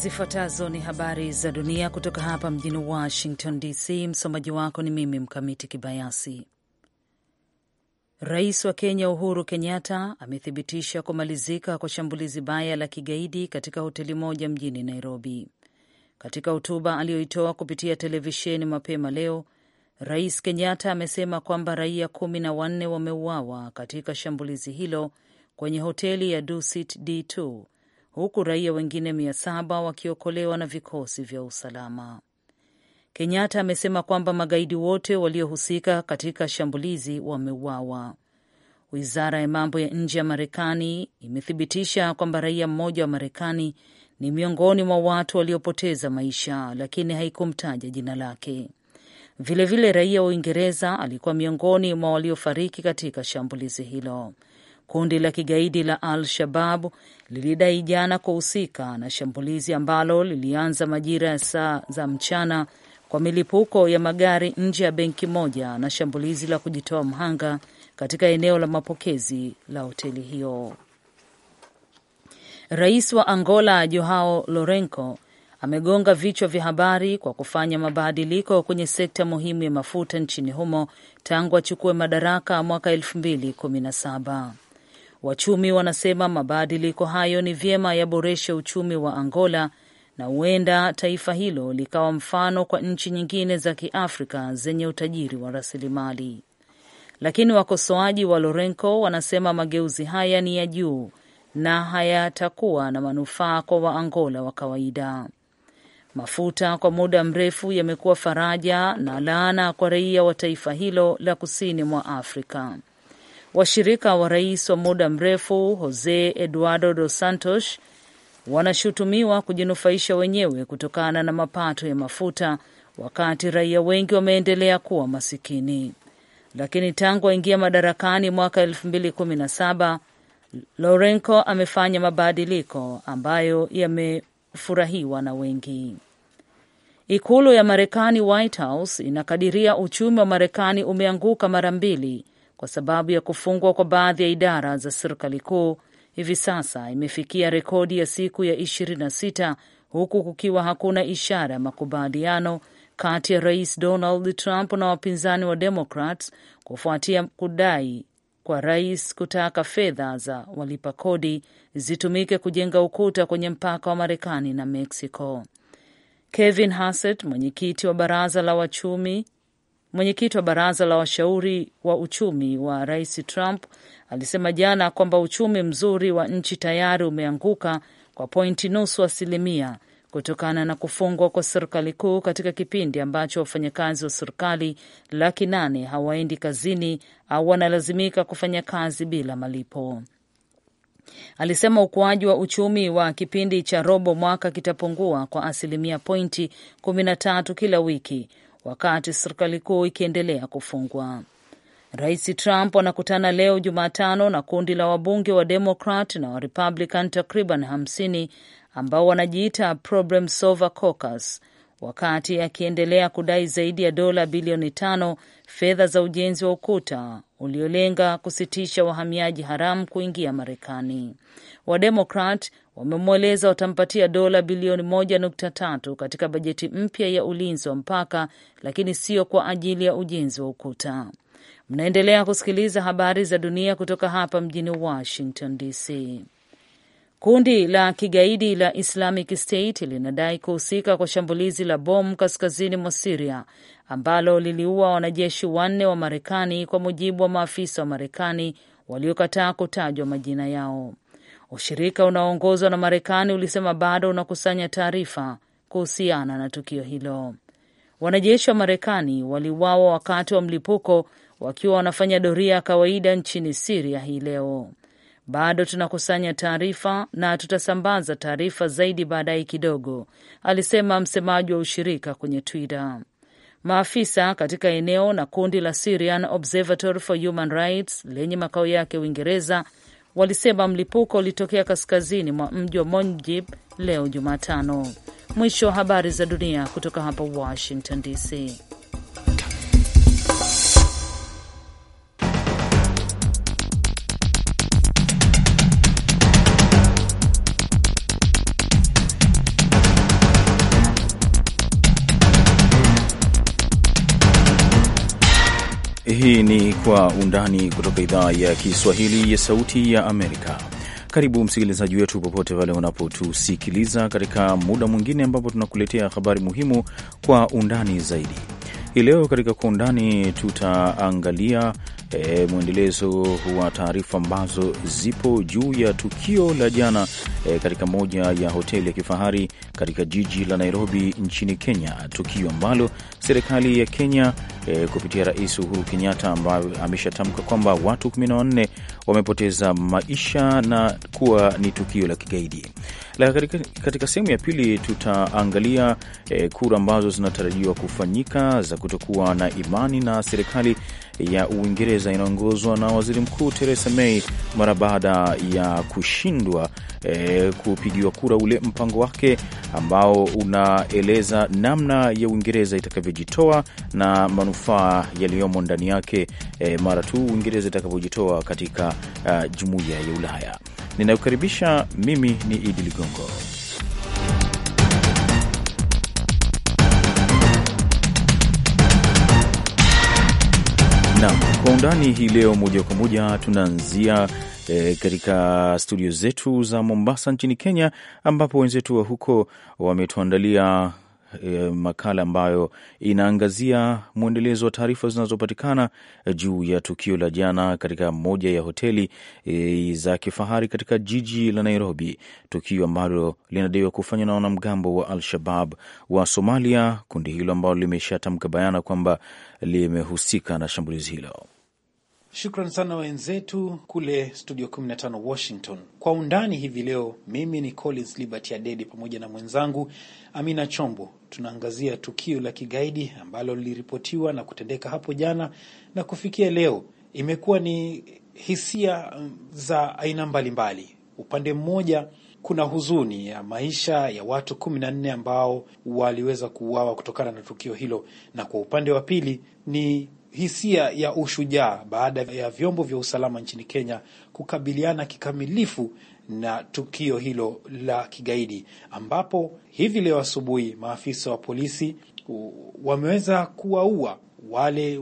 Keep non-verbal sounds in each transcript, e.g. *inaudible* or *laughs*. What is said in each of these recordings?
Zifuatazo ni habari za dunia kutoka hapa mjini Washington DC. Msomaji wako ni mimi Mkamiti Kibayasi. Rais wa Kenya Uhuru Kenyatta amethibitisha kumalizika kwa shambulizi baya la kigaidi katika hoteli moja mjini Nairobi. Katika hotuba aliyoitoa kupitia televisheni mapema leo, Rais Kenyatta amesema kwamba raia kumi na wanne wameuawa katika shambulizi hilo kwenye hoteli ya Dusit D2 huku raia wengine mia saba wakiokolewa na vikosi vya usalama. Kenyatta amesema kwamba magaidi wote waliohusika katika shambulizi wameuawa. Wizara ya mambo ya nje ya Marekani imethibitisha kwamba raia mmoja wa Marekani ni miongoni mwa watu waliopoteza maisha, lakini haikumtaja jina lake. Vilevile, raia wa Uingereza alikuwa miongoni mwa waliofariki katika shambulizi hilo. Kundi la kigaidi la Al Shababu lilidai jana kuhusika na shambulizi ambalo lilianza majira ya saa za mchana kwa milipuko ya magari nje ya benki moja na shambulizi la kujitoa mhanga katika eneo la mapokezi la hoteli hiyo. Rais wa Angola Joao Lourenco amegonga vichwa vya habari kwa kufanya mabadiliko kwenye sekta muhimu ya mafuta nchini humo tangu achukue madaraka mwaka 2017. Wachumi wanasema mabadiliko hayo ni vyema yaboreshe uchumi wa Angola na huenda taifa hilo likawa mfano kwa nchi nyingine za Kiafrika zenye utajiri wa rasilimali. Lakini wakosoaji wa Lorenco wanasema mageuzi haya ni ya juu na hayatakuwa na manufaa kwa Waangola wa kawaida. Mafuta kwa muda mrefu yamekuwa faraja na laana kwa raia wa taifa hilo la kusini mwa Afrika. Washirika wa rais wa muda mrefu Jose Eduardo Dos Santos wanashutumiwa kujinufaisha wenyewe kutokana na mapato ya mafuta, wakati raia wengi wameendelea kuwa masikini. Lakini tangu aingia madarakani mwaka 2017 Lourenco amefanya mabadiliko ambayo yamefurahiwa na wengi. Ikulu ya Marekani, White House, inakadiria uchumi wa Marekani umeanguka mara mbili kwa sababu ya kufungwa kwa baadhi ya idara za serikali kuu, hivi sasa imefikia rekodi ya siku ya 26 huku kukiwa hakuna ishara ya makubaliano kati ya Rais Donald Trump na wapinzani wa Democrats kufuatia kudai kwa rais kutaka fedha za walipa kodi zitumike kujenga ukuta kwenye mpaka wa Marekani na Mexico. Kevin Hassett, mwenyekiti wa baraza la wachumi Mwenyekiti wa baraza la washauri wa uchumi wa rais Trump alisema jana kwamba uchumi mzuri wa nchi tayari umeanguka kwa pointi nusu asilimia kutokana na kufungwa kwa serikali kuu katika kipindi ambacho wafanyakazi wa serikali laki nane hawaendi kazini au wanalazimika kufanya kazi bila malipo. Alisema ukuaji wa uchumi wa kipindi cha robo mwaka kitapungua kwa asilimia pointi kumi na tatu kila wiki wakati serikali kuu ikiendelea kufungwa. Rais Trump anakutana leo Jumatano na kundi la wabunge wa Demokrat na wa Republican takriban hamsini ambao wanajiita Problem Solver Caucus wakati akiendelea kudai zaidi ya dola bilioni tano fedha za ujenzi wa ukuta uliolenga kusitisha wahamiaji haramu kuingia Marekani. Wademokrat wamemweleza watampatia dola bilioni moja nukta tatu katika bajeti mpya ya ulinzi wa mpaka, lakini sio kwa ajili ya ujenzi wa ukuta. Mnaendelea kusikiliza habari za dunia kutoka hapa mjini Washington DC. Kundi la kigaidi la Islamic State linadai kuhusika kwa shambulizi la bomu kaskazini mwa Siria ambalo liliua wanajeshi wanne wa Marekani, kwa mujibu wa maafisa wa Marekani waliokataa kutajwa majina yao. Ushirika unaoongozwa na Marekani ulisema bado unakusanya taarifa kuhusiana na tukio hilo. Wanajeshi wa Marekani waliuawa wakati wa mlipuko wakiwa wanafanya doria ya kawaida nchini Siria hii leo. Bado tunakusanya taarifa na tutasambaza taarifa zaidi baadaye kidogo, alisema msemaji wa ushirika kwenye Twitter. Maafisa katika eneo na kundi la Syrian Observatory for Human Rights lenye makao yake Uingereza walisema mlipuko ulitokea kaskazini mwa mji wa Monjib leo Jumatano. Mwisho wa habari za dunia kutoka hapa Washington DC. Hii ni Kwa Undani kutoka idhaa ya Kiswahili ya Sauti ya Amerika. Karibu msikilizaji wetu popote pale unapotusikiliza katika muda mwingine ambapo tunakuletea habari muhimu kwa undani zaidi. Hii leo katika kwa undani tutaangalia e, mwendelezo wa taarifa ambazo zipo juu ya tukio la jana e, katika moja ya hoteli ya kifahari katika jiji la Nairobi nchini Kenya, tukio ambalo serikali ya Kenya e, kupitia Rais Uhuru Kenyatta ambaye ameshatamka kwamba watu 14 wamepoteza maisha na kuwa ni tukio la kigaidi. La katika, katika sehemu ya pili tutaangalia e, kura ambazo zinatarajiwa kufanyika za kutokuwa na imani na serikali ya Uingereza inayoongozwa na waziri mkuu Theresa May mara baada ya kushindwa e, kupigiwa kura ule mpango wake ambao unaeleza namna ya Uingereza itakavyojitoa na manufaa yaliyomo ndani yake e, mara tu Uingereza itakavyojitoa katika eh, jumuiya ya Ulaya. ninayokaribisha mimi ni Idi Ligongo. Naam, kwa undani hii leo, moja kwa moja tunaanzia E, katika studio zetu za Mombasa nchini Kenya ambapo wenzetu wa huko wametuandalia e, makala ambayo inaangazia mwendelezo wa taarifa zinazopatikana eh, juu ya tukio la jana katika moja ya hoteli e, za kifahari katika jiji la Nairobi, tukio ambalo linadaiwa kufanywa na wanamgambo wa Al-Shabab wa Somalia, kundi hilo ambalo limeshatamka bayana kwamba limehusika na shambulizi hilo. Shukran sana wenzetu kule studio 15 Washington. Kwa undani hivi leo, mimi ni Collins Liberty Adede pamoja na mwenzangu Amina Chombo, tunaangazia tukio la kigaidi ambalo liliripotiwa na kutendeka hapo jana na kufikia leo imekuwa ni hisia mm, za aina mbalimbali mbali. Upande mmoja kuna huzuni ya maisha ya watu kumi na nne ambao waliweza kuuawa kutokana na tukio hilo, na kwa upande wa pili ni hisia ya ushujaa baada ya vyombo vya usalama nchini Kenya kukabiliana kikamilifu na tukio hilo la kigaidi, ambapo hivi leo asubuhi maafisa wa polisi wameweza kuwaua wale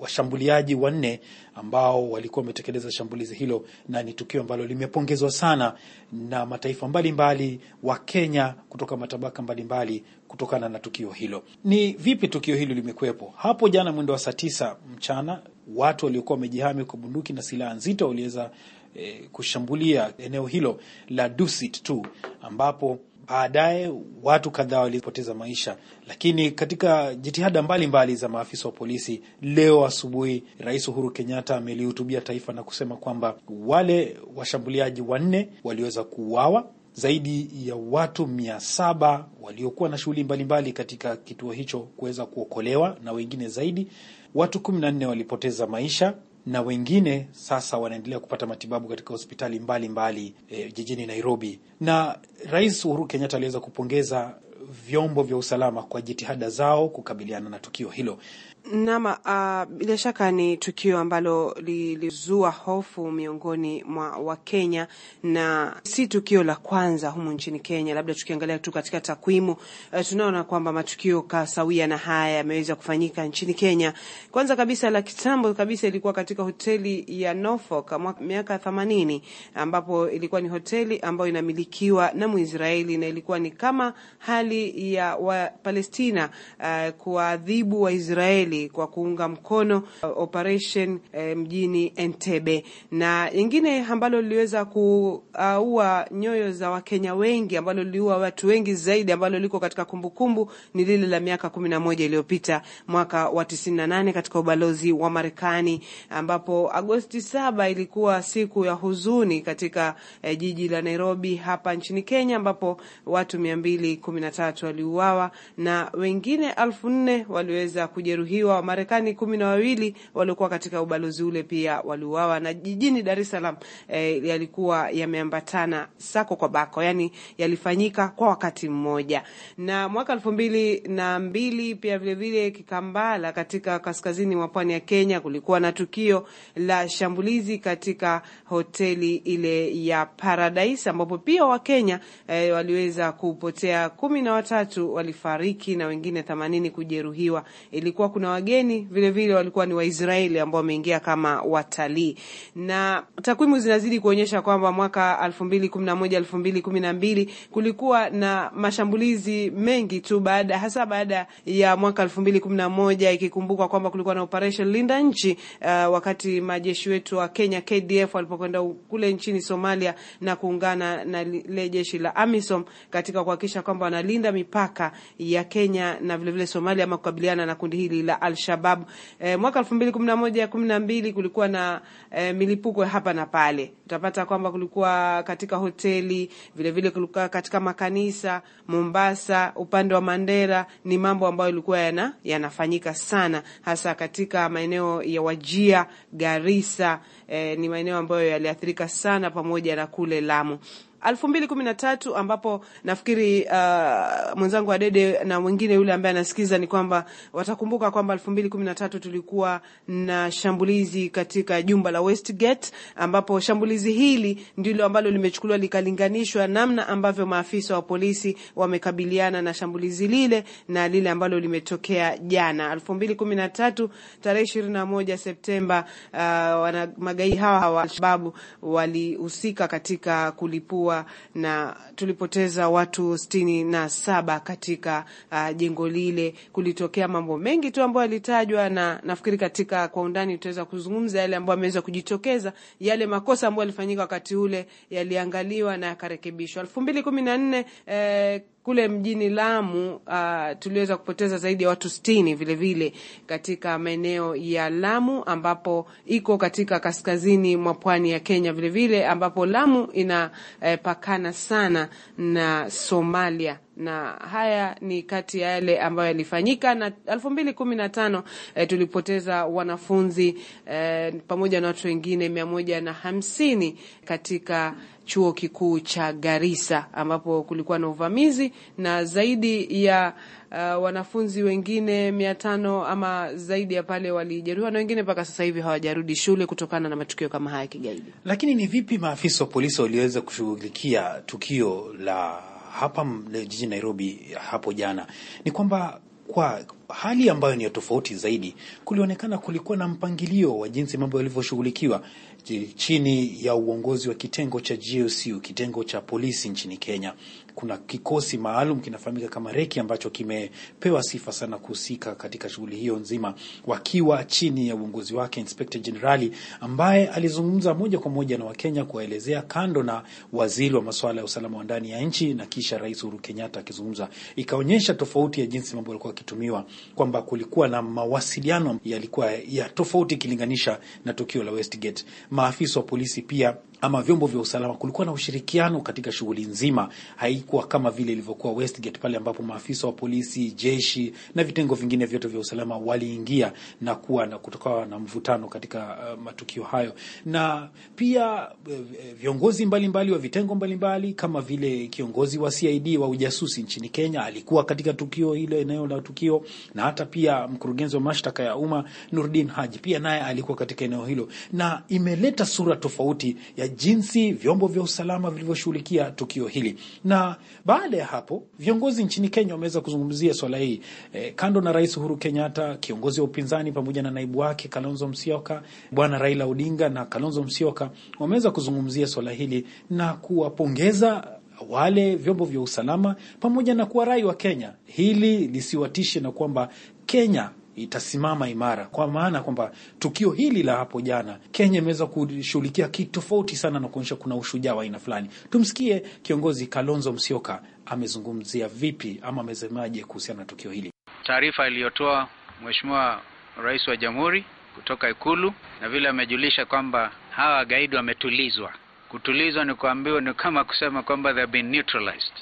washambuliaji wanne ambao walikuwa wametekeleza shambulizi hilo, na ni tukio ambalo limepongezwa sana na mataifa mbalimbali mbali, wa Kenya kutoka matabaka mbalimbali kutokana na tukio hilo. Ni vipi tukio hilo limekuwepo? Hapo jana mwendo wa saa tisa mchana watu waliokuwa wamejihami kwa bunduki na silaha nzito waliweza eh, kushambulia eneo hilo la Dusit tu ambapo Baadaye watu kadhaa walipoteza maisha, lakini katika jitihada mbalimbali za maafisa wa polisi, leo asubuhi Rais Uhuru Kenyatta amelihutubia taifa na kusema kwamba wale washambuliaji wanne waliweza kuuawa zaidi ya watu mia saba waliokuwa na shughuli mbalimbali katika kituo hicho kuweza kuokolewa na wengine zaidi watu kumi na nne walipoteza maisha na wengine sasa wanaendelea kupata matibabu katika hospitali mbalimbali mbali, eh, e, jijini Nairobi. Na Rais Uhuru Kenyatta aliweza kupongeza vyombo vya usalama kwa jitihada zao kukabiliana na tukio hilo. Naam, uh, bila shaka ni tukio ambalo lilizua hofu miongoni mwa Wakenya na si tukio la kwanza humu nchini Kenya. Labda tukiangalia tu katika takwimu uh, tunaona kwamba matukio kasawia na haya yameweza kufanyika nchini Kenya. Kwanza kabisa la kitambo kabisa ilikuwa katika hoteli ya Norfolk miaka 80 ambapo ilikuwa ni hoteli ambayo inamilikiwa na Mwisraeli na ilikuwa ni kama hali ya Wapalestina uh, eh, kuadhibu Waisraeli Israeli kwa kuunga mkono uh, operation eh, mjini Entebbe, na nyingine ambalo liliweza kuua nyoyo za Wakenya wengi ambalo liliua watu wengi zaidi ambalo liko katika kumbukumbu ni lile la miaka 11 iliyopita mwaka wa 98 katika ubalozi wa Marekani, ambapo Agosti 7 ilikuwa siku ya huzuni katika eh, jiji la Nairobi hapa nchini Kenya ambapo watu 213 waliuawa na wengine elfu nne waliweza kujeruhiwa waliojeruhiwa wa Marekani kumi na wawili waliokuwa katika ubalozi ule pia waliuawa, na jijini Dar es Salaam eh, yalikuwa yameambatana sako kwa bako, yani yalifanyika kwa wakati mmoja. Na mwaka elfu mbili na mbili pia vilevile Kikambala katika kaskazini mwa pwani ya Kenya kulikuwa na tukio la shambulizi katika hoteli ile ya Paradise ambapo pia Wakenya eh, waliweza kupotea, kumi na watatu walifariki na wengine themanini kujeruhiwa. Ilikuwa kuna na wageni vile vile walikuwa ni Waisraeli ambao wameingia kama watalii, na takwimu zinazidi kuonyesha kwamba mwaka 2011 2012 kulikuwa na mashambulizi mengi tu baada hasa baada ya mwaka 2011 ikikumbukwa kwamba kulikuwa na operation Linda Nchi uh, wakati majeshi wetu wa Kenya KDF walipokwenda kule nchini Somalia na kuungana na lile jeshi la AMISOM katika kuhakikisha kwamba wanalinda mipaka ya Kenya na vilevile Somalia ama kukabiliana na kundi hili la Eh, mbili kumi na moja kumi na mbili kulikuwa na e, milipuko hapa na pale. Utapata kwamba kulikuwa katika hoteli, vilevile vile kulikuwa katika makanisa, Mombasa, upande wa Mandera ni mambo ambayo ilikuwa yana yanafanyika sana hasa katika maeneo ya Wajia, Garissa, e, ni maeneo ambayo yaliathirika sana pamoja na kule Lamu elfu mbili kumi na tatu ambapo nafikiri uh, mwenzangu Adede na mwingine yule ambaye anasikiza ni kwamba watakumbuka kwamba elfu mbili kumi na tatu tulikuwa na shambulizi katika jumba la Westgate, ambapo shambulizi hili ndilo ambalo limechukuliwa likalinganishwa namna ambavyo maafisa wa polisi wamekabiliana na shambulizi lile na lile ambalo limetokea jana elfu mbili kumi na tatu tarehe ishirini na moja Septemba. Uh, wana, hawa hawa Alshababu walihusika katika kulipua kulikuwa na tulipoteza watu sitini na saba katika uh, jengo lile. Kulitokea mambo mengi tu ambayo yalitajwa, na nafikiri katika kwa undani tutaweza kuzungumza yale ambayo ameweza kujitokeza, yale makosa ambayo yalifanyika wakati ule yaliangaliwa na yakarekebishwa. elfu mbili kumi na nne eh, kule mjini Lamu uh, tuliweza kupoteza zaidi ya watu sitini vilevile katika maeneo ya Lamu ambapo iko katika kaskazini mwa pwani ya Kenya vilevile vile, ambapo Lamu inapakana eh, sana na Somalia na haya ni kati ya yale ambayo yalifanyika. Na elfu mbili kumi na tano eh, tulipoteza wanafunzi eh, pamoja na watu wengine mia moja na hamsini katika chuo kikuu cha Garissa ambapo kulikuwa na uvamizi na zaidi ya uh, wanafunzi wengine mia tano ama zaidi ya pale walijeruhiwa, na wengine mpaka sasa hivi hawajarudi shule kutokana na matukio kama haya ya kigaidi. Lakini ni vipi maafisa wa polisi waliweza kushughulikia tukio la hapa jijini Nairobi hapo jana ni kwamba kwa hali ambayo ni ya tofauti zaidi, kulionekana kulikuwa na mpangilio wa jinsi mambo yalivyoshughulikiwa chini ya uongozi wa kitengo cha GSU, kitengo cha polisi nchini Kenya kuna kikosi maalum kinafahamika kama Reki ambacho kimepewa sifa sana kuhusika katika shughuli hiyo nzima, wakiwa chini ya uongozi wake Inspector Jenerali ambaye alizungumza moja kwa moja na Wakenya kuwaelezea, kando na waziri wa masuala ya usalama wa ndani ya nchi na kisha Rais Uhuru Kenyatta akizungumza, ikaonyesha tofauti ya jinsi mambo yalikuwa yakitumiwa, kwamba kulikuwa na mawasiliano yalikuwa ya tofauti ikilinganisha na tukio la Westgate. Maafisa wa polisi pia ama vyombo vya usalama, kulikuwa na ushirikiano katika shughuli nzima. Haikuwa kama vile ilivyokuwa Westgate pale ambapo maafisa wa polisi, jeshi na vitengo vingine vyote vya usalama waliingia na kuwa na kutokawa na mvutano katika uh, matukio hayo, na pia uh, viongozi mbalimbali mbali wa vitengo mbalimbali mbali, kama vile kiongozi wa CID wa ujasusi nchini Kenya alikuwa katika tukio hilo, eneo la tukio, na hata pia mkurugenzi wa mashtaka ya umma Nurdin Haji pia naye alikuwa katika eneo hilo, na imeleta sura tofauti ya jinsi vyombo vya usalama vilivyoshughulikia tukio hili. Na baada ya hapo viongozi nchini Kenya wameweza kuzungumzia swala hii e, eh, kando na Rais Uhuru Kenyatta, kiongozi wa upinzani pamoja na naibu wake Kalonzo Musyoka, Bwana Raila Odinga na Kalonzo Musyoka wameweza kuzungumzia swala hili na kuwapongeza wale vyombo vya usalama pamoja na kuwarai wa Kenya hili lisiwatishe na kwamba Kenya itasimama imara, kwa maana kwamba tukio hili la hapo jana, Kenya imeweza kushughulikia kitofauti sana na kuonyesha kuna ushujaa wa aina fulani. Tumsikie kiongozi Kalonzo Musyoka amezungumzia vipi ama amesemaje kuhusiana na tukio hili. Taarifa iliyotoa Mheshimiwa Rais wa Jamhuri kutoka Ikulu na vile amejulisha kwamba hawa wagaidi wametulizwa. Kutulizwa ni kuambiwa, ni kama kusema kwamba they have been neutralized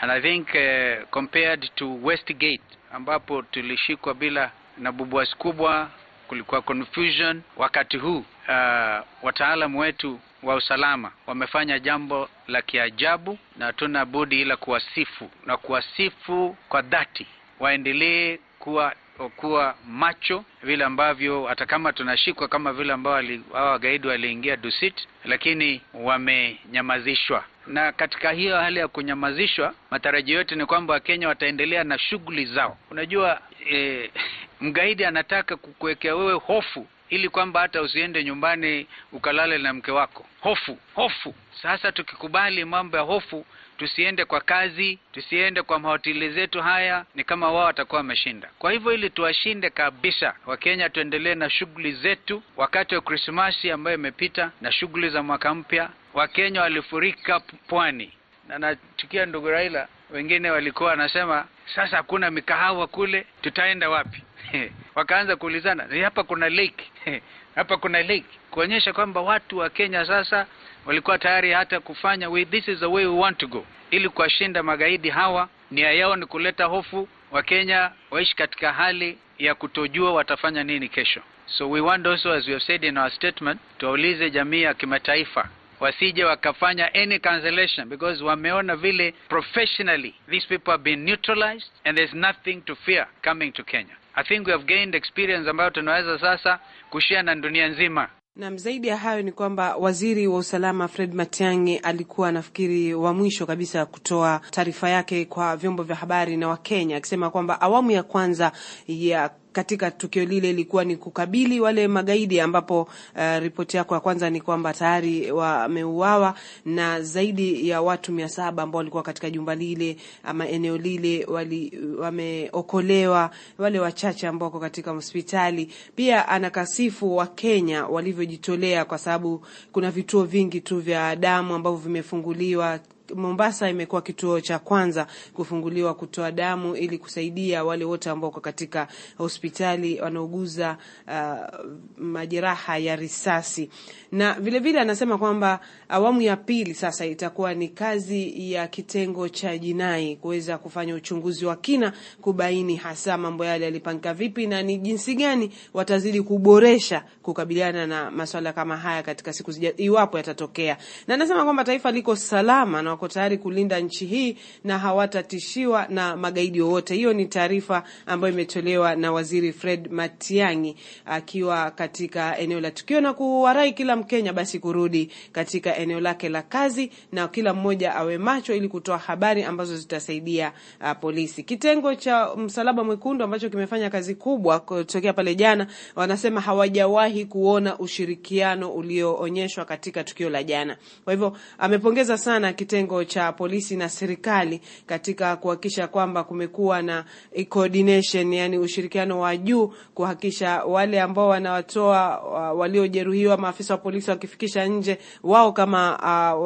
and I think uh, compared to Westgate ambapo tulishikwa bila na bubuasi kubwa, kulikuwa confusion. Wakati huu uh, wataalamu wetu wa usalama wamefanya jambo la kiajabu, na hatuna budi ila kuwasifu na kuwasifu kwa dhati. Waendelee kuwa kuwa macho vile ambavyo hata kama tunashikwa kama vile ambao hao wagaidi waliingia Dusit, lakini wamenyamazishwa. Na katika hiyo hali ya kunyamazishwa, matarajio yote ni kwamba Wakenya wataendelea na shughuli zao. Unajua eh, Mgaidi anataka kukuwekea wewe hofu ili kwamba hata usiende nyumbani ukalale na mke wako. Hofu, hofu. Sasa tukikubali mambo ya hofu, tusiende kwa kazi, tusiende kwa mahoteli zetu, haya ni kama wao watakuwa wameshinda. Kwa hivyo, ili tuwashinde kabisa, Wakenya tuendelee na shughuli zetu. Wakati wa Krismasi ambayo imepita na shughuli za mwaka mpya, Wakenya walifurika pwani, na natukia ndugu Raila, wengine walikuwa wanasema sasa hakuna mikahawa kule, tutaenda wapi? *laughs* wakaanza kuulizana eh, hapa kuna lake *laughs* hapa kuna lake, kuonyesha kwamba watu wa Kenya sasa walikuwa tayari hata kufanya we, this is the way we want to go, ili kuwashinda magaidi hawa. Nia yao ni kuleta hofu, Wakenya waishi katika hali ya kutojua watafanya nini kesho. So we want also as we have said in our statement, tuwaulize jamii ya kimataifa wasije wakafanya any cancellation because wameona vile professionally these people have been neutralized and there's nothing to fear coming to Kenya. I think we have gained experience ambayo tunaweza sasa kushia na dunia nzima. Nam, zaidi ya hayo ni kwamba waziri wa usalama Fred Matiang'i alikuwa nafikiri wa mwisho kabisa kutoa taarifa yake kwa vyombo vya habari na Wakenya, akisema kwamba awamu ya kwanza ya katika tukio lile ilikuwa ni kukabili wale magaidi, ambapo uh, ripoti yako ya kwanza ni kwamba tayari wameuawa na zaidi ya watu mia saba ambao walikuwa katika jumba lile ama eneo lile wali, wameokolewa wale wachache ambao wako katika hospitali. Pia anakasifu wa Kenya walivyojitolea, kwa sababu kuna vituo vingi tu vya damu ambavyo vimefunguliwa Mombasa imekuwa kituo cha kwanza kufunguliwa kutoa damu ili kusaidia wale wote ambao kwa katika hospitali wanaoguza uh, majeraha ya risasi. Na vile vile anasema kwamba awamu ya pili sasa itakuwa ni kazi ya kitengo cha jinai kuweza kufanya uchunguzi wa kina kubaini hasa mambo yale yalipangika vipi na ni jinsi gani watazidi kuboresha kukabiliana na masuala kama haya katika siku zijazo iwapo yatatokea. Na anasema kwamba taifa liko salama na wako tayari kulinda nchi hii na hawatatishiwa na magaidi wowote. Hiyo ni taarifa ambayo imetolewa na Waziri Fred Matiang'i akiwa katika eneo la tukio na kuwarai kila Mkenya basi kurudi katika eneo lake la kazi na kila mmoja awe macho ili kutoa habari ambazo zitasaidia uh, polisi. Kitengo cha Msalaba Mwekundu ambacho kimefanya kazi kubwa kutokea pale jana, wanasema hawajawahi kuona ushirikiano ulioonyeshwa katika tukio la jana. Kwa hivyo amepongeza sana kitengo kitengo cha polisi na serikali katika kuhakikisha kwamba kumekuwa na coordination, yani ushirikiano wa juu kuhakikisha wale ambao wanawatoa waliojeruhiwa maafisa wa polisi wakifikisha nje, wao kama uh,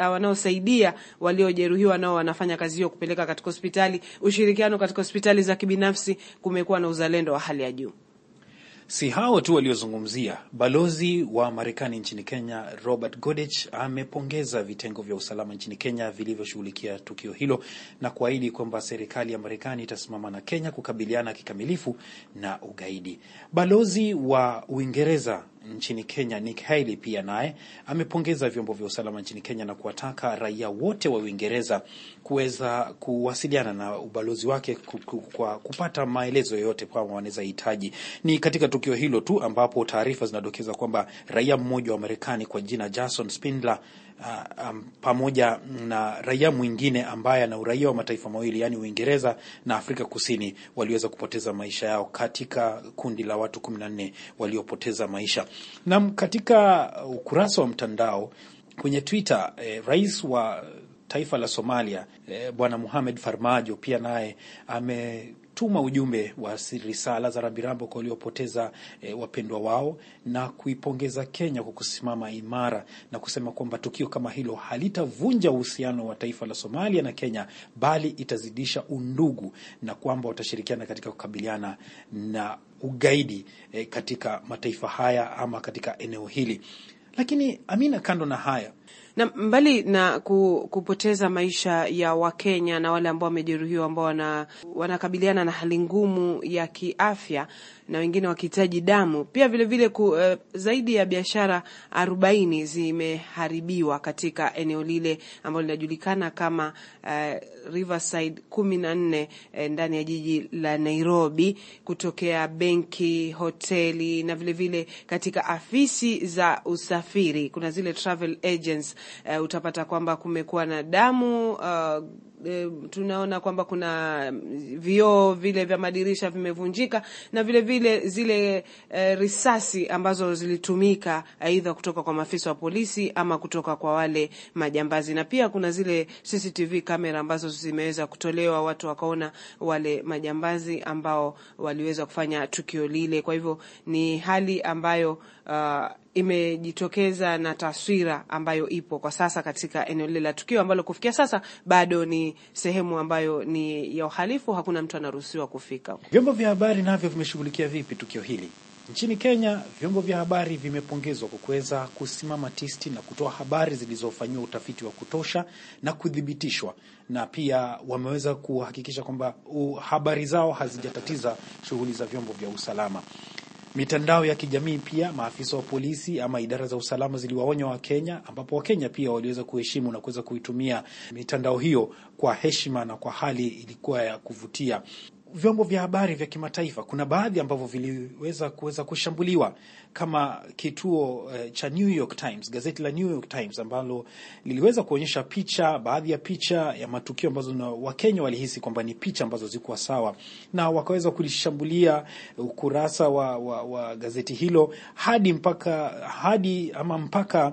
wanaosaidia uh, waliojeruhiwa nao wanafanya kazi hiyo kupeleka katika hospitali, ushirikiano katika hospitali za kibinafsi, kumekuwa na uzalendo wa hali ya juu. Si hao tu waliozungumzia. Balozi wa Marekani nchini Kenya Robert godich amepongeza vitengo vya usalama nchini Kenya vilivyoshughulikia tukio hilo na kuahidi kwamba serikali ya Marekani itasimama na Kenya kukabiliana kikamilifu na ugaidi. Balozi wa Uingereza nchini Kenya Nick Hailey pia naye amepongeza vyombo vya usalama nchini Kenya na kuwataka raia wote wa Uingereza kuweza kuwasiliana na ubalozi wake kwa kupata maelezo yoyote kama wanaweza hitaji. Ni katika tukio hilo tu ambapo taarifa zinadokeza kwamba raia mmoja wa Marekani kwa jina Jason Spindler uh, um, pamoja na raia mwingine ambaye ana uraia wa mataifa mawili yaani Uingereza na Afrika Kusini waliweza kupoteza maisha yao katika kundi la watu 14 waliopoteza maisha. Na katika ukurasa wa mtandao kwenye Twitter eh, rais wa taifa la Somalia eh, Bwana Mohamed Farmajo pia naye ame tuma ujumbe wa risala za rambirambo kwa waliopoteza e, wapendwa wao na kuipongeza Kenya kwa kusimama imara na kusema kwamba tukio kama hilo halitavunja uhusiano wa taifa la Somalia na Kenya bali itazidisha undugu na kwamba watashirikiana katika kukabiliana na ugaidi e, katika mataifa haya ama katika eneo hili. Lakini Amina, kando na haya na mbali na kupoteza maisha ya Wakenya na wale ambao wamejeruhiwa ambao wanakabiliana na hali ngumu ya kiafya, na wengine wakihitaji damu pia vilevile vile uh, zaidi ya biashara arobaini zimeharibiwa katika eneo lile ambalo linajulikana kama uh, Riverside kumi na nne eh, ndani ya jiji la Nairobi, kutokea benki, hoteli na vilevile vile katika afisi za usafiri. Kuna zile travel agents uh, utapata kwamba kumekuwa na damu uh, e, tunaona kwamba kuna mm, vioo vile vya madirisha vimevunjika na vilevile vile vile zile e, risasi ambazo zilitumika aidha kutoka kwa maafisa wa polisi ama kutoka kwa wale majambazi, na pia kuna zile CCTV kamera ambazo zimeweza kutolewa, watu wakaona wale majambazi ambao waliweza kufanya tukio lile. Kwa hivyo ni hali ambayo uh, imejitokeza na taswira ambayo ipo kwa sasa katika eneo lile la tukio ambalo kufikia sasa bado ni sehemu ambayo ni ya uhalifu, hakuna mtu anaruhusiwa kufika. Vyombo vya habari navyo vimeshughulikia vipi tukio hili? Nchini Kenya, vyombo vya habari vimepongezwa kwa kuweza kusimama tisti na kutoa habari zilizofanyiwa utafiti wa kutosha na kuthibitishwa, na pia wameweza kuhakikisha kwamba habari zao hazijatatiza shughuli za vyombo vya usalama. Mitandao ya kijamii pia, maafisa wa polisi ama idara za usalama ziliwaonya Wakenya, ambapo Wakenya pia waliweza kuheshimu na kuweza kuitumia mitandao hiyo kwa heshima na kwa hali ilikuwa ya kuvutia vyombo vya habari vya kimataifa kuna baadhi ambavyo viliweza kuweza kushambuliwa kama kituo eh, cha New York Times, gazeti la New York Times ambalo liliweza kuonyesha picha, baadhi ya picha ya matukio ambazo na Wakenya walihisi kwamba ni picha ambazo zikuwa sawa, na wakaweza kulishambulia ukurasa wa, wa, wa gazeti hilo hadi mpaka hadi ama mpaka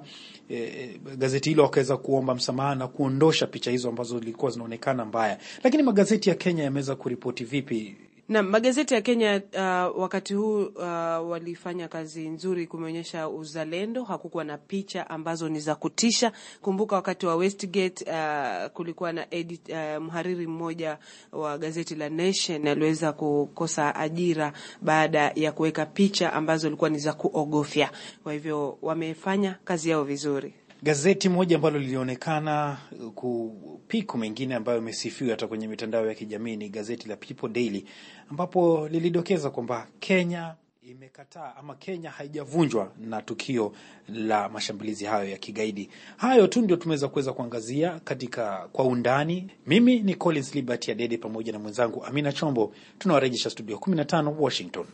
E, e, gazeti hilo wakaweza kuomba msamaha na kuondosha picha hizo ambazo zilikuwa zinaonekana mbaya. Lakini magazeti ya Kenya yameweza kuripoti vipi na magazeti ya Kenya uh, wakati huu uh, walifanya kazi nzuri kumeonyesha uzalendo. Hakukuwa na picha ambazo ni za kutisha. Kumbuka wakati wa Westgate uh, kulikuwa na edit, uh, mhariri mmoja wa gazeti la Nation aliweza kukosa ajira baada ya kuweka picha ambazo ilikuwa ni za kuogofya. Kwa hivyo wamefanya kazi yao vizuri. Gazeti moja ambalo lilionekana uh, kupiku mengine ambayo imesifiwa hata kwenye mitandao ya kijamii ni gazeti la People Daily, ambapo lilidokeza kwamba Kenya imekataa ama Kenya haijavunjwa na tukio la mashambulizi hayo ya kigaidi. Hayo tu ndio tumeweza kuweza kuangazia katika kwa undani. Mimi ni Collins Liberty Adede pamoja na mwenzangu Amina Chombo, tunawarejesha studio 15 Washington.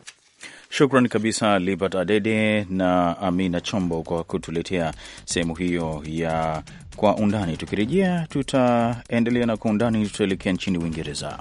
Shukran kabisa Libert Adede na Amina Chombo kwa kutuletea sehemu hiyo ya Kwa Undani. Tukirejea tutaendelea na Kwa Undani, tutaelekea nchini Uingereza.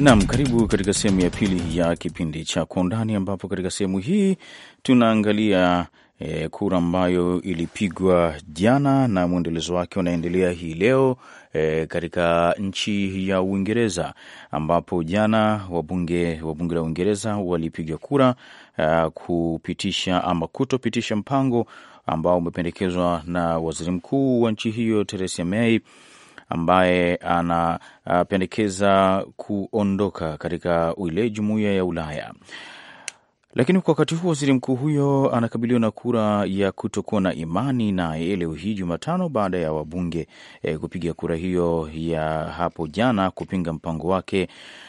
Nam, karibu katika sehemu ya pili ya kipindi cha Kwa Undani, ambapo katika sehemu hii tunaangalia e, kura ambayo ilipigwa jana na mwendelezo wake unaendelea hii leo e, katika nchi ya Uingereza ambapo jana wabunge wa bunge la Uingereza walipiga kura a, e, kupitisha ama kutopitisha mpango ambao umependekezwa na waziri mkuu wa nchi hiyo Theresa May ambaye anapendekeza kuondoka katika ile jumuiya ya Ulaya. Lakini kwa wakati huu waziri mkuu huyo anakabiliwa na kura ya kutokuwa na imani naye leo hii Jumatano, baada ya wabunge e, kupiga kura hiyo ya hapo jana kupinga mpango wake,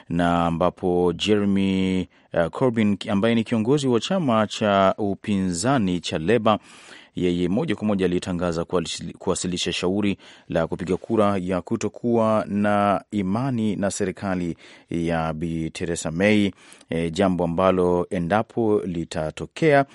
na ambapo Jeremy uh, Corbyn ambaye ni kiongozi wa chama cha upinzani cha Leba yeye moja kwa moja alitangaza kuwasilisha shauri la kupiga kura ya kutokuwa na imani na serikali ya Bi Theresa May, e, jambo ambalo endapo litatokea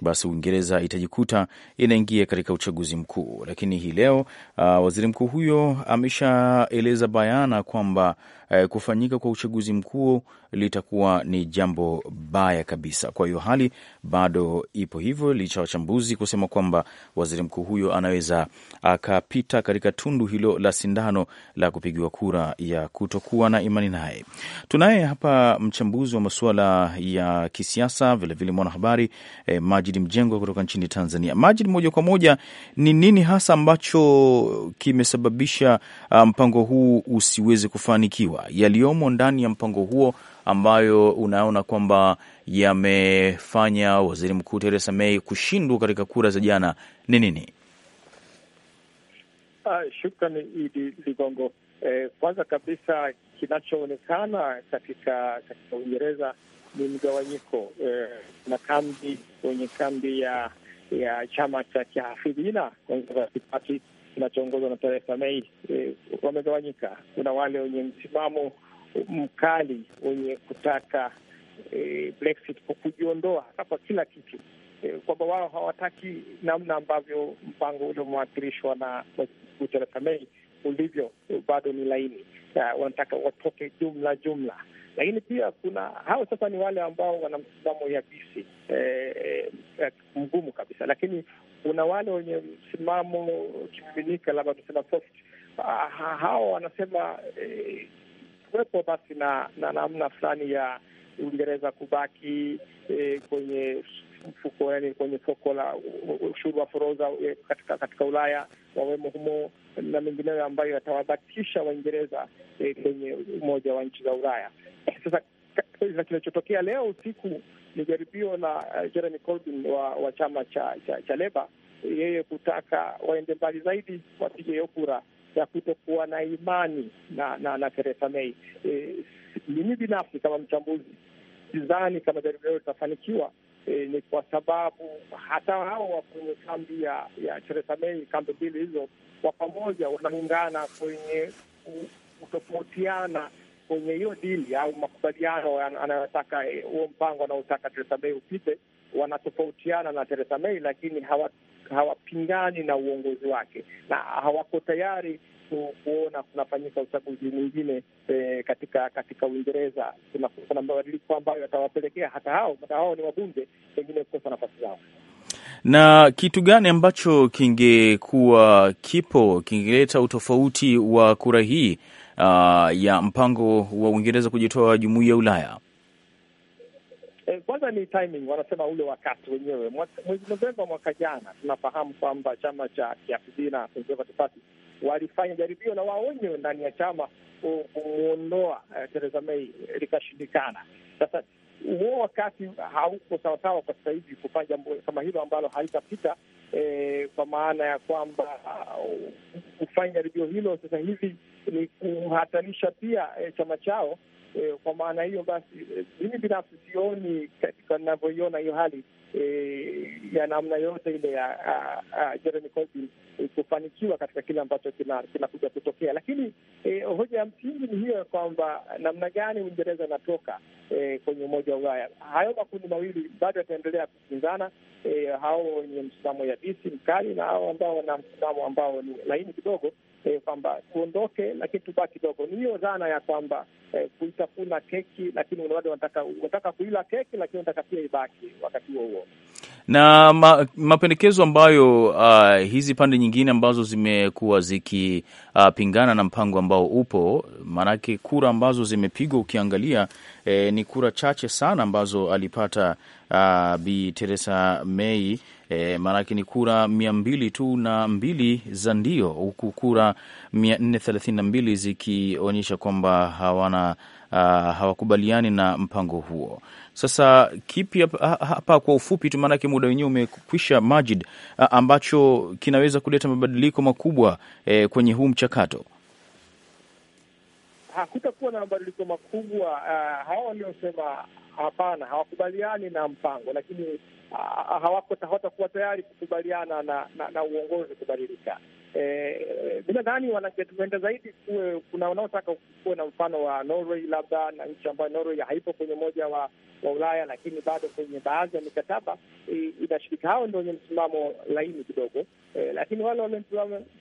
basi Uingereza itajikuta inaingia katika uchaguzi mkuu. Lakini hii leo uh, waziri mkuu huyo ameshaeleza bayana kwamba eh, kufanyika kwa uchaguzi mkuu litakuwa ni jambo baya kabisa. Kwa hiyo hali bado ipo hivyo, licha wachambuzi kusema kwamba waziri mkuu huyo anaweza akapita katika tundu hilo la sindano la kupigiwa kura ya kutokuwa na imani naye. Tunaye hapa mchambuzi wa masuala ya kisiasa vilevile mwanahabari eh, Majid Mjengwa kutoka nchini Tanzania. Majid, moja kwa moja, ni nini hasa ambacho kimesababisha ah, mpango um, huu usiweze kufanikiwa? kujua yaliyomo ndani ya mpango huo ambayo unaona kwamba yamefanya waziri mkuu Theresa May kushindwa katika kura za jana ni nini? Uh, ah, shukrani Idi Ligongo. Eh, kwanza kabisa kinachoonekana katika katika Uingereza ni mgawanyiko eh, na kambi kwenye kambi ya ya chama cha kihafidhina Conservative Party kinachoongozwa na Theresa May eh, wamegawanyika. Kuna wale wenye msimamo mkali wenye kutaka eh, Brexit kwa kujiondoa hapa kila kitu eh, kwamba wao hawataki namna ambavyo mpango ule umewathirishwa na Theresa May ulivyo eh, bado ni laini, wanataka watoke jumla jumla. Lakini pia kuna hao sasa ni wale ambao wana msimamo yabisi e, eh, e, eh, mgumu kabisa, lakini kuna wale wenye msimamo kimiminika, labda tusema soft, ah, wanasema e, kuwepo basi na namna na fulani ya Uingereza kubaki e, kwenye mfuko yani, kwenye soko la ushuru wa forodha eh, katika katika Ulaya wawemo humo na mengineyo ambayo yatawabakisha Waingereza e, kwenye umoja wa nchi za Ulaya. Sasa kinachotokea leo usiku ni jaribio la uh, Jeremy Corbyn wa, wa chama cha, cha, cha Leba, yeye kutaka waende mbali zaidi, wapige hiyo kura ya kutokuwa na imani na na, na Theresa May. E, mimi binafsi kama mchambuzi sidhani kama jaribio hilo litafanikiwa. E, ni kwa sababu hata hao wa kwenye kambi ya ya Theresa May, kambi mbili hizo kwa pamoja wanaungana kwenye kutofautiana kwenye hiyo dili au makubaliano anayotaka eh, huo mpango anaotaka Theresa May upite, wanatofautiana na Theresa May, lakini hawapingani na uongozi wake na hawako tayari kuona kunafanyika uchaguzi mwingine e, katika katika Uingereza. Kuna mabadiliko ambayo yatawapelekea hata hao hata hao ni wabunge pengine kukosa nafasi zao. Na kitu gani ambacho kingekuwa kipo kingeleta utofauti wa kura hii uh, ya mpango wa Uingereza kujitoa jumuiya ya Ulaya? Eh, kwanza ni timing, wanasema ule wakati wenyewe, mwezi Novemba mwaka jana. Tunafahamu kwamba chama cha kiafidhina Conservative Party walifanya jaribio na wao wenyewe ndani ya chama kumwondoa eh, Theresa May, likashindikana. Sasa huo wakati hauko sawasawa kwa sasa hivi kufanya jambo kama hilo ambalo halitapita e, eh, kwa maana ya kwamba uh, kufanya jaribio hilo sasa hivi ni kuhatarisha pia e, chama chao E, kwa maana hiyo basi eh, mimi binafsi sioni katika ninavyoiona hiyo hali e, ya namna yote ile ya Jeremy Corbyn kufanikiwa katika kile ambacho kinakuja kina kutokea, lakini e, hoja ya msingi ni hiyo ya kwamba namna gani Uingereza inatoka e, kwenye umoja wa Ulaya. Hayo makundi mawili bado yataendelea kukinzana, e, hao wenye msimamo ya bisi mkali na hao ambao wana msimamo ambao ni laini kidogo eh, kwamba tuondoke, lakini tubaki kidogo. Ni hiyo dhana ya kwamba eh, kuitafuna keki, lakini bado unataka unataka kuila keki, lakini unataka pia ibaki wakati huo huo na ma, mapendekezo ambayo uh, hizi pande nyingine ambazo zimekuwa zikipingana uh, na mpango ambao upo, maanake kura ambazo zimepigwa ukiangalia e, ni kura chache sana ambazo alipata a, Bi Teresa May e, maanake ni kura mia mbili tu na mbili za ndio, huku kura mia nne thelathini na mbili zikionyesha kwamba hawana Uh, hawakubaliani na mpango huo. Sasa kipi hapa, hapa kwa ufupi tu, maanake muda wenyewe umekwisha, Majid, ambacho kinaweza kuleta mabadiliko makubwa eh, kwenye huu mchakato? hakutakuwa na mabadiliko makubwa. Uh, hawa waliosema hapana, hawakubaliani na mpango, lakini uh, hawatakuwa tayari kukubaliana na, na, na uongozi kubadilika. Eh, bila dhani wanangetuenda zaidi kuwe kuna wanaotaka kuwe na mfano wa Norway labda na nchi ambayo Norway haipo kwenye umoja wa, wa Ulaya, lakini bado kwenye baadhi ya mikataba inashirika. Hao ndio wenye msimamo laini kidogo e, lakini wale wenye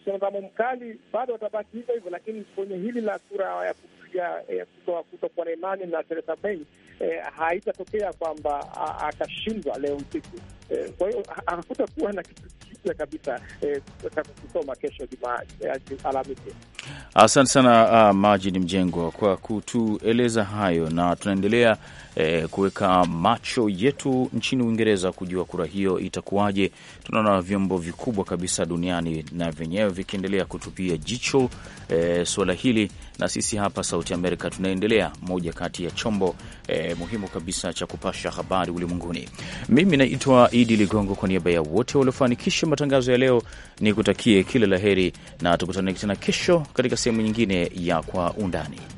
msimamo mkali bado watabaki hivyo hivyo. Lakini kwenye hili la kura ya kupiga kuto na imani na Theresa May e, haitatokea kwamba akashindwa leo usiku e, kwa hiyo hakutakuwa na kitu kuhakikishia kabisa tutakachosoma eh, kesho eh, Alhamisi. Asante sana uh, ah, Majid Mjengwa kwa kutueleza hayo, na tunaendelea eh, kuweka macho yetu nchini Uingereza kujua kura hiyo itakuwaje. Tunaona vyombo vikubwa kabisa duniani na vyenyewe vikiendelea kutupia jicho eh, suala hili, na sisi hapa Sauti Amerika tunaendelea, moja kati ya chombo eh, muhimu kabisa cha kupasha habari ulimwenguni. Mimi naitwa Idi Ligongo, kwa niaba ya wote waliofanikisha matangazo ya leo, ni kutakie kila la heri na tukutane tena kesho katika sehemu nyingine ya Kwa Undani.